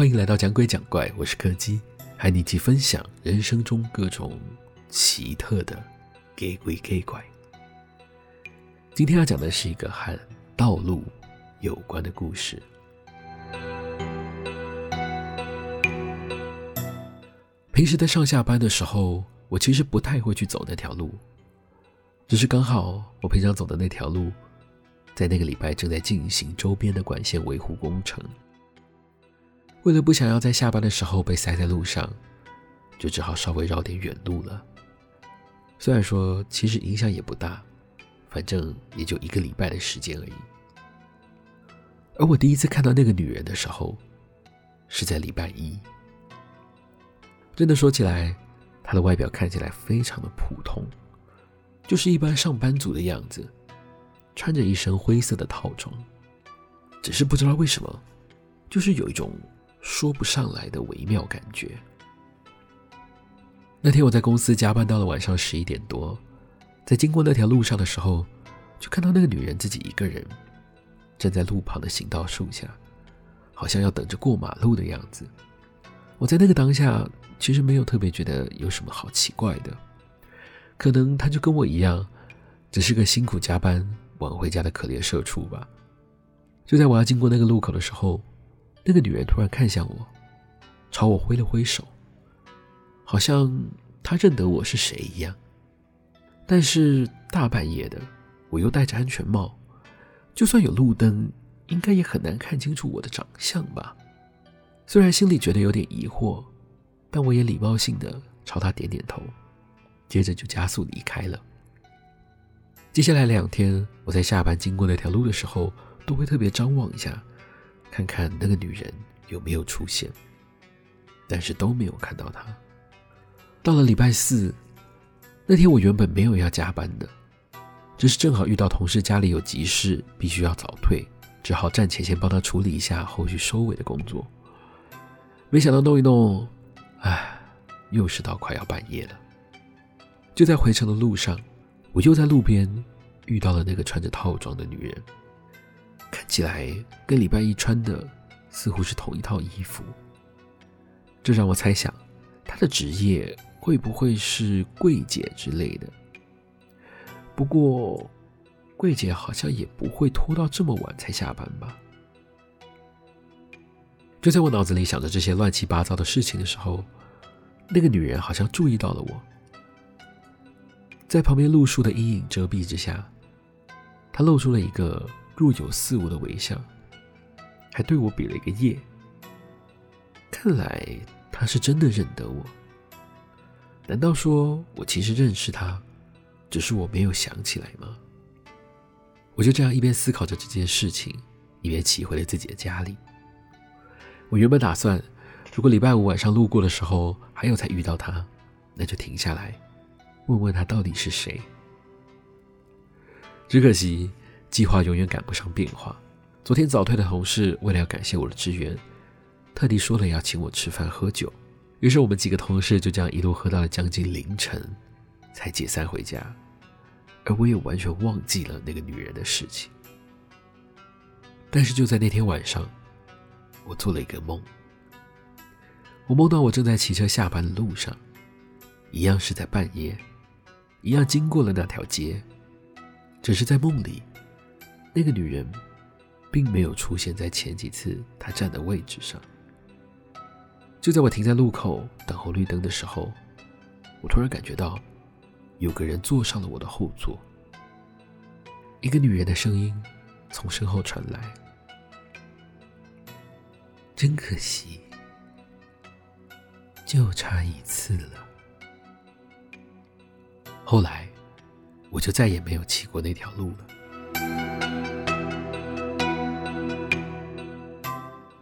歡迎來到講鬼講怪，我是柯基，和你一起分享人生中各種奇特的給鬼給怪。今天要講的是一個和道路有關的故事。平時在上下班的時候，我其實不太會去走那條路，只是剛好我平常走的那條路，在那個禮拜正在進行周邊的管線維護工程。為了不想要在下班的時候被塞在路上，就只好稍微繞點遠路了。雖然說其實影響也不大，反正也就一個禮拜的時間而已。而我第一次看到那個女人的時候，是在禮拜一。真的說起來，她的外表看起來非常的普通，就是一般上班族的樣子，穿着一身灰色的套裝。只是不知道為什麼，就是有一種。說不上來的微妙感覺。那天我在公司加班到了晚上十一點多，在經過那條路上的時候，就看到那個女人自己一個人站在路旁的行道樹下，好像要等着過馬路的樣子。我在那個當下其實沒有特別覺得有什麼好奇怪的，可能她就跟我一樣，只是個辛苦加班，晚回家的可憐社畜吧。就在我要經過那個路口的時候。那個女人突然看向我，朝我揮了揮手，好像她認得我是誰一樣。但是大半夜的，我又戴着安全帽，就算有路燈，應該也很難看清楚我的長相吧。雖然心裡覺得有點疑惑，但我也禮貌性的朝她點點頭，接着就加速離開了。接下來兩天，我在下班經過那條路的時候，都會特別張望一下。看看那個女人有沒有出現，但是都沒有看到她。到了禮拜四那天，我原本沒有要加班的，只是正好遇到同事家裡有急事，必須要早退，只好暫且先幫他處理一下後續收尾的工作。沒想到弄一弄，唉，又是到快要半夜了。就在回程的路上，我又在路邊遇到了那個穿着套裝的女人。起來，跟禮拜一穿的似乎是同一套衣服，這讓我猜想，她的職業會不會是櫃姐之類的？不過，櫃姐好像也不會拖到這麼晚才下班吧？就在我腦子裡想着這些亂七八糟的事情的時候，那個女人好像注意到了我，在旁邊路樹的陰影遮蔽之下，她露出了一個。若有似無的微笑，還對我比了一個耶。看來他是真的認得我。難道說我其實認識他，只是我沒有想起來嗎？我就這樣一邊思考着這件事情，一邊騎回了自己的家裡。我原本打算，如果禮拜五晚上路過的時候還有再遇到他，那就停下來，問問他到底是誰。只可惜。計劃永遠趕不上變化。昨天早退的同事為了要感謝我的支援，特地說了要請我吃飯喝酒。於是我們幾個同事就這樣一路喝到了將近凌晨，才解散回家。而我也完全忘記了那個女人的事情。但是就在那天晚上，我做了一個夢。我夢到我正在騎車下班的路上，一樣是在半夜，一樣經過了那條街，只是在夢裡。那個女人，並沒有出現在前幾次她站的位置上。就在我停在路口等紅綠燈的時候，我突然感覺到，有個人坐上了我的後座。一個女人的聲音從身後傳來：“真可惜，就差一次了。”後來，我就再也沒有騎過那條路了。